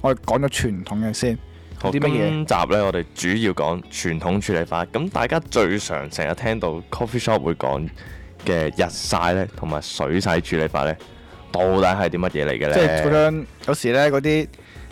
我哋講咗傳統嘅先，啲乜嘢？今集呢？我哋主要講傳統處理法。咁大家最常成日聽到 coffee shop 會講嘅日曬呢同埋水洗處理法呢，到底係啲乜嘢嚟嘅呢？即係嗰陣有時呢嗰啲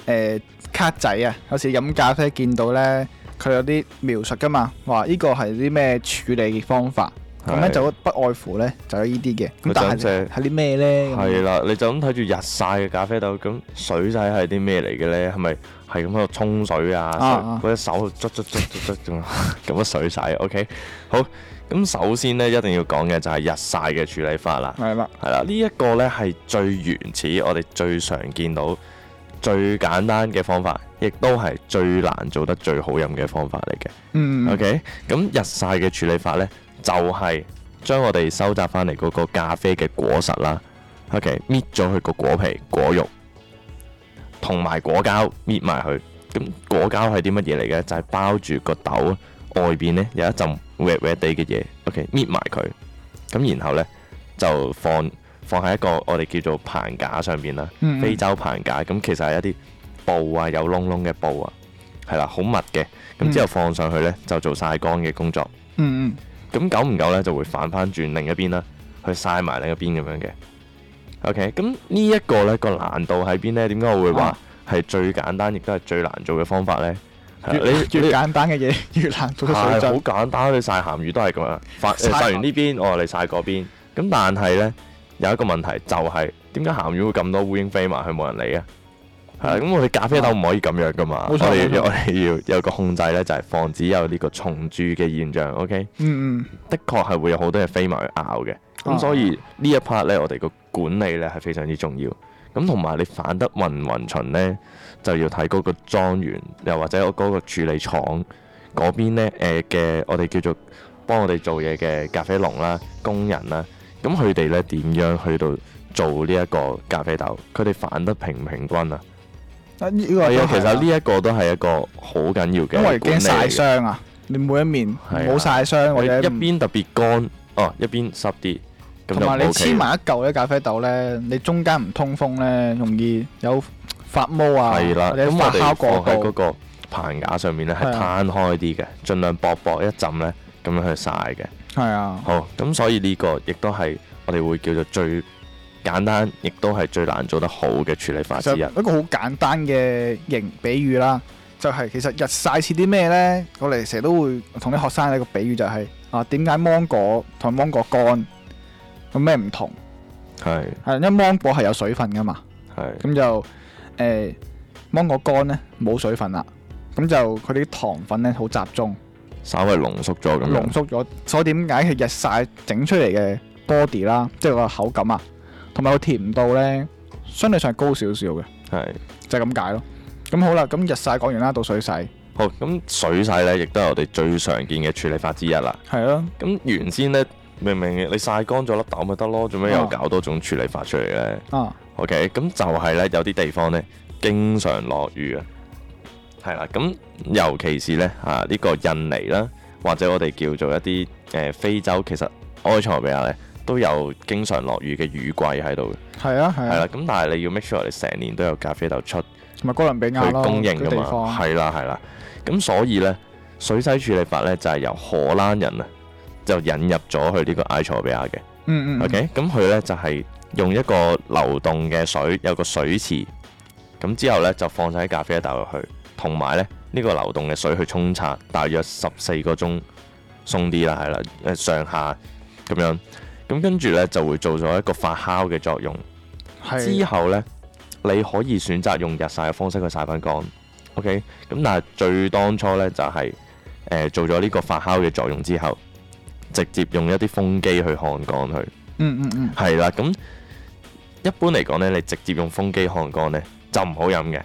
誒卡仔啊，有時飲咖啡見到呢，佢有啲描述噶嘛，話呢個係啲咩處理方法？咁咧就不外乎咧，就有呢啲嘅咁，但係係啲咩咧？係啦、就是，你就咁睇住日曬嘅咖啡豆，咁水洗係啲咩嚟嘅咧？係咪係咁喺度沖水啊？嗰隻、啊那個、手捽捽捽捽捽，仲咁樣水洗。OK，好咁，首先咧一定要講嘅就係日曬嘅處理法啦。係啦的，係啦，呢、這、一個咧係最原始，我哋最常見到最簡單嘅方法，亦都係最難做得最好飲嘅方法嚟嘅。嗯、OK，咁日曬嘅處理法咧。就係將我哋收集翻嚟嗰個咖啡嘅果實啦。O.K. 搣咗佢個果皮、果肉同埋果膠搣埋佢。咁果膠係啲乜嘢嚟嘅？就係、是、包住個豆外邊呢有一陣滑滑地嘅嘢。O.K. 搣埋佢。咁然後呢，就放放喺一個我哋叫做棚架上面啦。非洲、嗯嗯、棚架咁其實係一啲布啊，有窿窿嘅布啊，係啦，好密嘅。咁之後放上去呢，就做曬乾嘅工作。嗯嗯。嗯咁久唔久咧，就會反翻轉另一邊啦，去曬埋另一邊咁樣嘅。OK，咁呢一個咧個難度喺邊咧？點解我會話係最簡單，亦都係最難做嘅方法咧？啊、越你越簡單嘅嘢 越難做到水準。好簡單，你曬鹹魚都係咁啊！發曬完呢邊，我又嚟曬嗰邊。咁但係咧有一個問題、就係，就係點解鹹魚會咁多烏蠅飛埋去冇人理啊？係咁、嗯嗯、我哋咖啡豆唔、啊、可以咁樣噶嘛。嗯、所以我哋要有個控制咧，就係防止有呢個蟲蛀嘅現象。OK，嗯嗯，的確係會有好多嘢飛埋去拗嘅。咁、啊、所以一呢一 part 咧，我哋個管理咧係非常之重要。咁同埋你反得匀唔匀巡咧，就要睇嗰個莊園，又或者嗰個處理廠嗰邊咧，誒、呃、嘅我哋叫做幫我哋做嘢嘅咖啡農啦、工人啦，咁佢哋咧點樣去到做呢一個咖啡豆？佢哋反得平唔平均啊？啊！呢、這個係、啊、其實呢一個都係一個好緊要嘅，因為驚曬傷啊！你每一面冇曬、啊、傷一邊特別乾，哦、啊、一邊濕啲，同埋你黐埋一嚿咧咖啡豆咧，你中間唔通風咧，容易有發毛啊！你發酵過喺嗰個棚架上面咧，係攤開啲嘅，盡、啊、量薄薄一浸咧，咁樣去晒嘅。係啊，好咁，所以呢個亦都係我哋會叫做最簡單，亦都係最難做得好嘅處理法之一。一個好簡單嘅型的比喻啦，就係、是、其實日曬似啲咩呢？我哋成日都會同啲學生一個比喻就係、是、啊，點解芒果同芒果乾有咩唔同？係係是因為芒果係有水分噶嘛，係咁是就誒、欸、芒果乾呢冇水分啦，咁就佢啲糖分呢好集中，稍微濃縮咗咁樣。濃縮咗，所以點解係日曬整出嚟嘅 body 啦、啊，即係個口感啊？同埋個甜度呢，相對上係高少少嘅，係是就係咁解咯。咁好啦，咁日曬講完啦，到水洗。好，咁水洗呢，亦都係我哋最常見嘅處理法之一啦。係咯、啊，咁原先呢，明明你曬乾咗粒豆咪得咯，做咩又搞多種處理法出嚟呢？啊，OK，咁就係呢，有啲地方呢，經常落雨啊，係啦，咁尤其是呢，啊，呢、這個印尼啦，或者我哋叫做一啲誒、呃、非洲，其實埃塞俄比亞咧。都有經常落雨嘅雨季喺度，係啊係。係啦、啊，咁、啊、但係你要 make sure 你成年都有咖啡豆出同埋哥倫比亞去供應嘅嘛，方係啦係啦。咁、啊啊、所以呢，水洗處理法呢就係、是、由荷蘭人啊就引入咗去呢個埃塞俄比亞嘅。嗯，嗯嗯。O K，咁佢呢就係、是、用一個流動嘅水，有個水池咁之後呢就放晒啲咖啡豆落去，同埋咧呢、這個流動嘅水去沖刷大約十四個鐘鬆啲啦，係啦、啊啊、上下咁樣。咁跟住呢，就會做咗一個發酵嘅作用，的之後呢，你可以選擇用日曬嘅方式去曬翻乾，OK。咁但係最當初呢，就係、是呃、做咗呢個發酵嘅作用之後，直接用一啲風機去烘乾佢。嗯嗯嗯，係啦。咁一般嚟講呢，你直接用風機烘乾呢，就唔好飲嘅。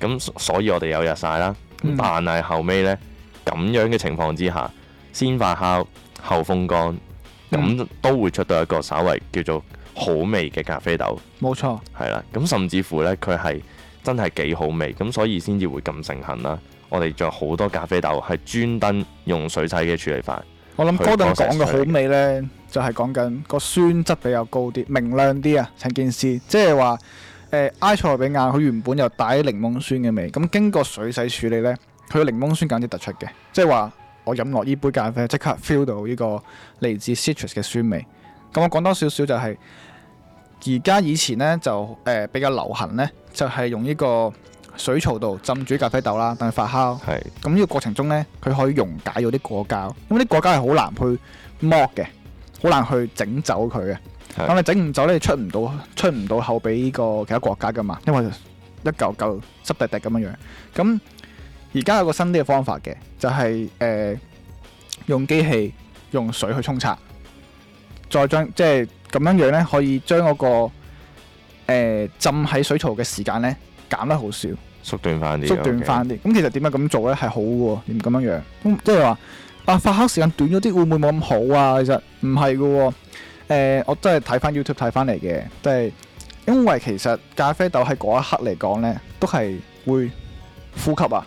咁所以我哋有日曬啦，嗯、但係後尾呢，咁樣嘅情況之下，先發酵後風乾。咁都會出到一個稍微叫做好味嘅咖啡豆，冇錯，係啦。咁甚至乎呢，佢係真係幾好味，咁所以先至會咁盛行啦。我哋仲有好多咖啡豆係專登用水洗嘅處理法。我諗哥頓講嘅好味呢，就係講緊個酸質比較高啲、明亮啲啊。陳健師即係話，誒、就是呃、埃塞俄比亞佢原本有帶啲檸檬酸嘅味，咁經過水洗處理呢，佢嘅檸檬酸簡直突出嘅，即係話。我飲落呢杯咖啡，即刻 feel 到呢個嚟自 citrus 嘅酸味。咁我講多少少就係而家以前呢，就誒、呃、比較流行呢，就係、是、用呢個水槽度浸住咖啡豆啦，等佢發酵。咁呢是個過程中呢，佢可以溶解咗啲果膠，咁啲果膠係好難去剝嘅，好難去整走佢嘅。咁是你整唔走呢，出唔到出唔到口俾呢個其他國家㗎嘛？因為一嚿嚿濕滴滴咁樣樣。咁而家有個新啲嘅方法嘅，就係、是、誒、呃、用機器用水去沖刷，再將即係咁樣樣咧，可以將嗰、那個、呃、浸喺水槽嘅時間咧減得好少，縮短翻啲，縮短翻啲。咁 Okay.、嗯、其實點解咁做咧係好嘅？你咁樣樣，嗯、即係話啊，發酵時間短咗啲會唔會冇咁好啊？其實唔係嘅，誒、呃、我真係睇翻 YouTube 睇翻嚟嘅，都係因為其實咖啡豆喺嗰一刻嚟講咧，都係會呼吸啊。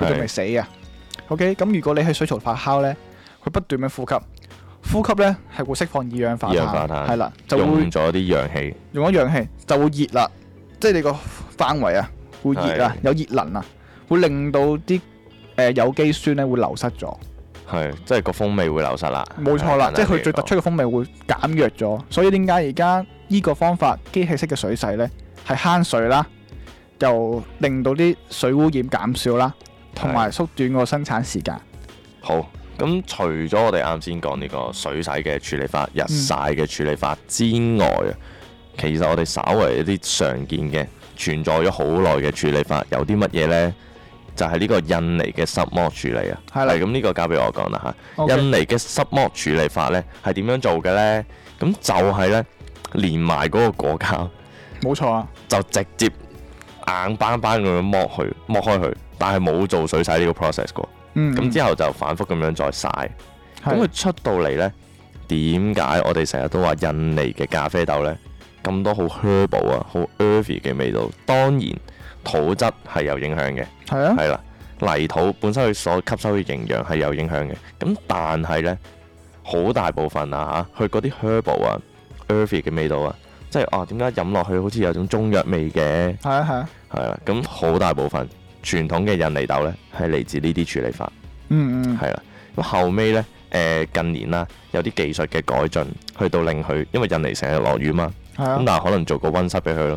佢仲未死啊？OK，咁如果你喺水槽發酵咧，佢不斷嘅呼吸，呼吸咧係會釋放二氧化碳，係啦，就會用咗啲氧氣，用咗氧氣就會熱啦，即係你個範圍啊會熱啊，有熱能啊，會令到啲誒有機酸咧會流失咗，係，即係個風味會流失啦，冇錯啦，即係佢最突出嘅風味會減弱咗，所以點解而家呢個方法機器式嘅水洗咧係慳水啦，又令到啲水污染減少啦。同埋縮短個生產時間。好，咁除咗我哋啱先講呢個水洗嘅處理法、日曬嘅處理法之外啊，嗯、其實我哋稍為一啲常見嘅存在咗好耐嘅處理法，有啲乜嘢呢？就係、是、呢個印尼嘅濕磨處理啊。係咁呢個交俾我講啦嚇。Okay 印尼嘅濕磨處理法呢係點樣做嘅呢？咁就係咧連埋嗰個果膠，冇錯啊，就直接硬邦邦咁樣剝去剝開佢。但係冇做水洗呢個 process 過，咁、嗯、之後就反覆咁樣再曬。咁佢、啊、出到嚟呢，點解我哋成日都話印尼嘅咖啡豆呢咁多好 herbal 啊，好 earthy 嘅味道？當然土質係有影響嘅，係啊，係啦，泥土本身佢所吸收嘅營養係有影響嘅。咁但係呢，好大部分啊嚇，佢嗰啲 herbal 啊，earthy 嘅味道啊，即係哦，點解飲落去好似有種中藥味嘅？係啊係啊，係啦、啊，咁好、啊啊、大部分。傳統嘅印尼豆咧，係嚟自呢啲處理法。嗯嗯，係啦。咁後尾咧，誒、呃、近年啦，有啲技術嘅改進，去到令佢，因為印尼成日落雨嘛。咁、啊嗯、但係可能做個溫室俾佢咯，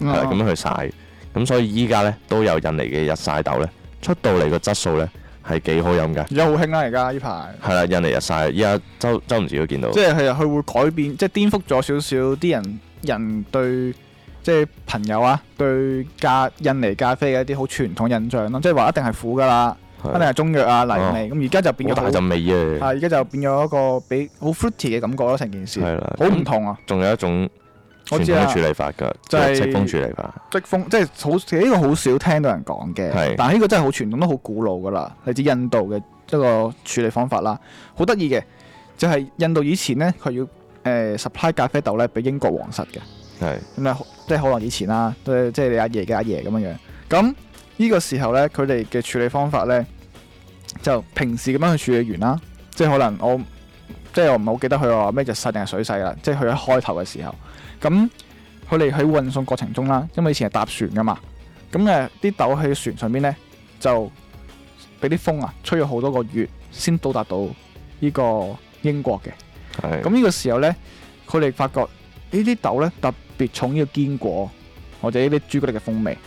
係咁、嗯啊、樣去曬。咁所以依家咧都有印尼嘅日曬豆咧，出到嚟個質素咧係幾好飲㗎。而家好興啦，而家呢排。係啦，印尼日曬。依家周周唔少都見到。即係佢會改變，即、就、係、是、顛覆咗少少啲人人，人，人對。即係朋友啊，對咖印尼咖啡嘅一啲好傳統印象咯，即係話一定係苦噶啦，一定係中藥啊泥味，咁而家就變咗，大陣味而家就變咗一個比好 fruity 嘅感覺咯，成件事，好唔的同啊！仲有一種傳統嘅處理法噶，即係積風處理法。積風即係好，呢、這個好少聽到人講嘅，的但係呢個真係好傳統、都好古老噶啦，嚟自印度嘅一個處理方法啦，好得意嘅，就係、是、印度以前呢，佢要 supply、呃呃呃呃、咖啡豆咧，俾英國皇室嘅，係的即係好耐以前啦，即係你阿爺嘅阿爺咁樣樣。咁呢個時候咧，佢哋嘅處理方法咧，就平時咁樣去處理完啦。即係可能我即係我唔係好記得佢話咩日曬定係水洗啦。即係佢喺開頭嘅時候，咁佢哋喺運送過程中啦，因為以前係搭船噶嘛，咁誒啲豆喺船上邊咧就俾啲風啊吹咗好多個月，先到達到呢個英國嘅。係的。咁呢個時候咧，佢哋發覺呢啲豆咧別重呢個堅果或者呢啲朱古力嘅風味，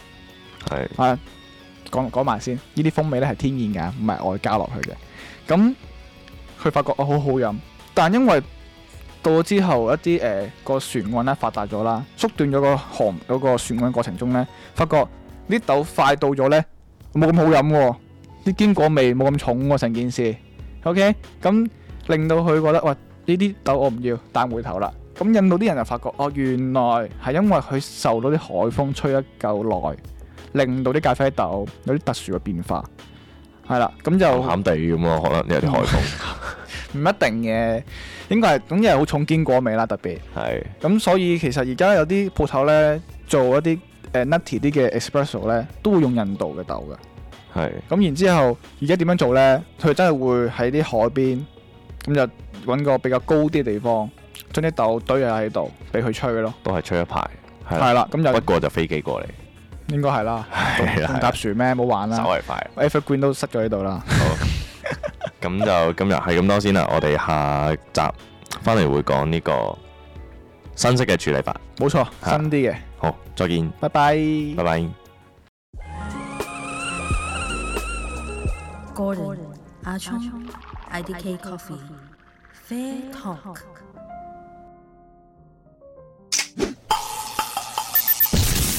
係啊，講講埋先，呢啲風味咧係天然㗎，唔係外加落去嘅。咁佢發覺啊，好好飲，但因為到咗之後一啲誒個船運咧發達咗啦，縮短咗個航嗰個船運過程中咧，發覺啲豆快到咗咧冇咁好飲喎，啲堅果味冇咁重喎，成件事。OK，咁令到佢覺得喂，呢啲豆我唔要，但回頭啦。咁印度啲人就發覺，哦，原來係因為佢受到啲海風吹得夠耐，令到啲咖啡豆有啲特殊嘅變化，係啦，咁就鹹鹹地咁咯，可能有啲海風，唔 一定嘅，應該係咁因為好重堅果味啦，特別係。咁是所以其實而家有啲鋪頭咧，做一啲誒、uh, nutty 啲嘅 espresso 咧，都會用印度嘅豆嘅，係是。咁然之後，而家點樣做咧？佢真係會喺啲海邊，咁就搵個比較高啲嘅地方。將啲豆堆喺度，俾佢吹咯。都係吹一排。係啦。咁不過就飛機過嚟，應該係啦。係啦。仲搭船咩？冇玩啦。稍微快。Evergreen 都塞咗喺度啦。好。咁就今日係咁多先啦。我哋下集翻嚟會講呢個新式嘅處理法。冇錯，新啲嘅。好，再見。拜拜。拜拜。Gordon 阿聰，IDK Coffee